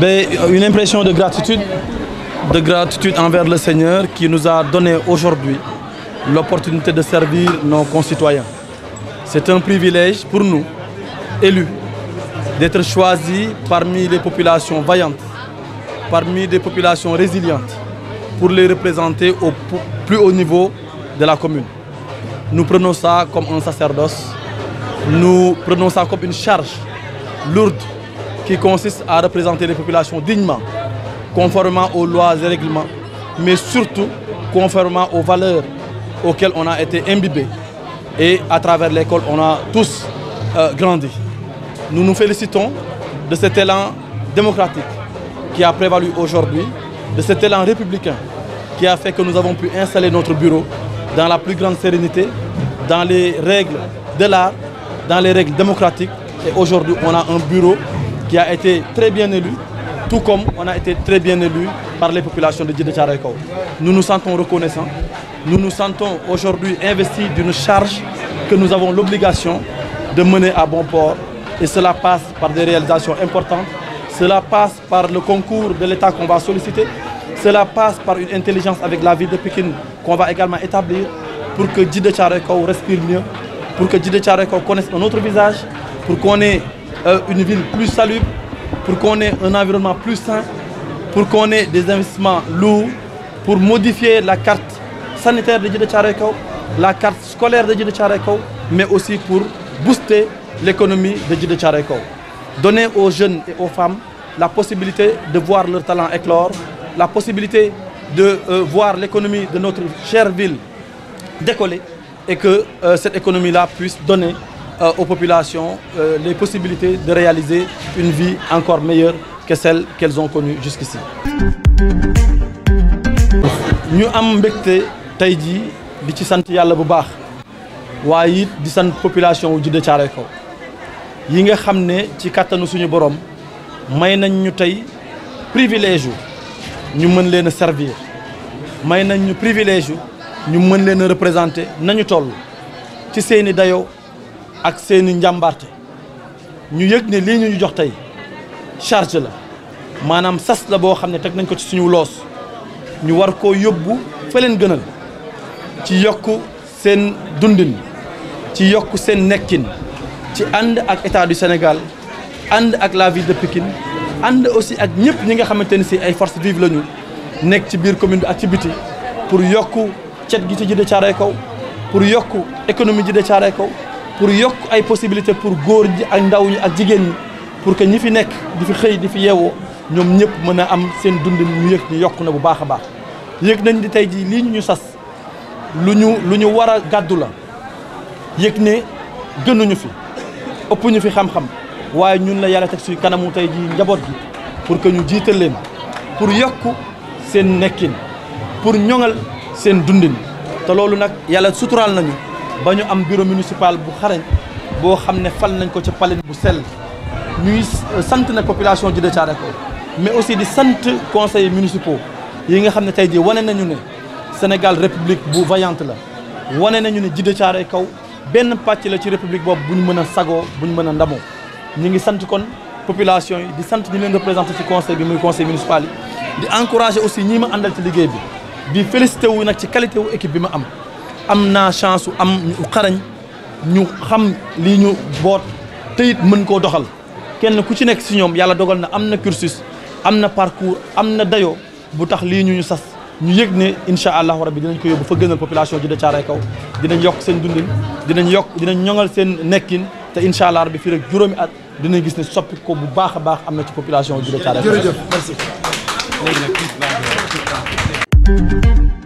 Mais une impression de gratitude, de gratitude envers le Seigneur qui nous a donné aujourd'hui l'opportunité de servir nos concitoyens. C'est un privilège pour nous, élus, d'être choisis parmi les populations vaillantes parmi des populations résilientes pour les représenter au plus haut niveau de la commune. Nous prenons ça comme un sacerdoce, nous prenons ça comme une charge lourde qui consiste à représenter les populations dignement, conformément aux lois et règlements, mais surtout conformément aux valeurs auxquelles on a été imbibé et à travers l'école on a tous euh, grandi. Nous nous félicitons de cet élan démocratique qui a prévalu aujourd'hui, de cet élan républicain qui a fait que nous avons pu installer notre bureau dans la plus grande sérénité, dans les règles de l'art, dans les règles démocratiques. Et aujourd'hui, on a un bureau qui a été très bien élu, tout comme on a été très bien élu par les populations de Djidé Nous nous sentons reconnaissants, nous nous sentons aujourd'hui investis d'une charge que nous avons l'obligation de mener à bon port. Et cela passe par des réalisations importantes Cela passe par le concours de l'État qu'on va solliciter. Cela passe par une intelligence avec la ville de Pékin qu'on va également établir pour que Djidé Tcharekou respire mieux, pour que Djidé Tcharekou connaisse un autre visage, pour qu'on ait euh, une ville plus salubre, pour qu'on ait un environnement plus sain, pour qu'on ait des investissements lourds, pour modifier la carte sanitaire de Djidé Tcharekou, la carte scolaire de Djidé Tcharekou, mais aussi pour booster l'économie de Djidé Tcharekou. donner aux jeunes et aux femmes la possibilité de voir leur talent éclore, la possibilité de euh, voir l'économie de notre chère ville décoller et que euh, cette économie-là puisse donner euh, aux populations euh, les possibilités de réaliser une vie encore meilleure que celle qu'elles ont connue jusqu'ici. ñu am mbégte tey jii di ci sant yàlla bu baax waaye it di sant population wu Djiddah Thiaroye Kaw yi nga xam ne ci kàttanu suñu borom may nañ ñu tey privilège yu ñu mën leen a servir may nañ ñu privilège yu ñu mën leen a nañu toll ci seeni dayo ak seeni njàmbarte ñu yëg ne lii ñu jox tey charge la maanaam sas la boo xam ne teg nañ ko ci suñu loos ñu war koo yóbbu fa leen gënal ci yokk seen dundin ci yokk seen nekkin ci ànd ak état du Sénégal ànd ak la ville pikin Pikine ànd aussi ak ñëpp ñi nga xamante ni si ay forces vives lañu nekk ci biir commune bi ak ci biti pour yokk cet gi ci Djiddah Thiaroye Kaw pour yokk économie Djiddah Thiaroye Kaw pour yokk ay possibilités pour góor ji ak ndaw ñi ak jigéen ñi pour que ñi fi nekk di fi xëy di fi yeewoo ñoom ñëpp mën a am seen dund ñu yëg ñu yokk na bu baax a baax yëg nañ di tey jii lii ñu sas lu ñu lu ñu war a gàddu la yëg ne gënuñu fi ëpp ñu fi xam-xam waaye ñun la yàlla teg suñu kanamu tey ji njaboot gi pour que ñu jiital leen pour yokk seen nekkiin pour ñoŋal seen dundin te loolu nag yàlla suturaal nañu ba ñu am bureau municipal bu xarañ boo xam ne fal nañ ko ci palin bu sell ñuy euh, sant na population ji de Thiaroye Kaw mais aussi di sant conseils municipaux yi nga xam ne tey jii wane nañu ne Sénégal république bu vaillante la wane nañu ne ji de Kaw benn pàcc la ci république boobu bu ñu mën a sagoo bu ñu mën a ndamoo ñu ngi sant kon population yi di sant ñu leen représenté ci conseil bi muy conseil municipal yi di encouragé aussi ñi ma àndal ci liggéey bi di félicité wu nag ci qualité wu équipe bi ma am am naa chance su am ñu xarañ ñu xam lii ñu boot te it mën koo doxal kenn ku ci nekk si ñoom yàlla dogal na am na cursus am na parcours am na dayo bu tax lii ñu ñu sas ñu yëg ne incha allahu rabbi dinañ ko yóbbu fa gënal population ji de Caaroy dina dinañ yokk seen dundin dinañ yokk dinañ ñoŋal seen nekkin te incha allah rabbi fii rek juróomi at dinañ gis ne soppi ko bu baax a baax am na ci population ji de Caaroy kaw jërëjëf merci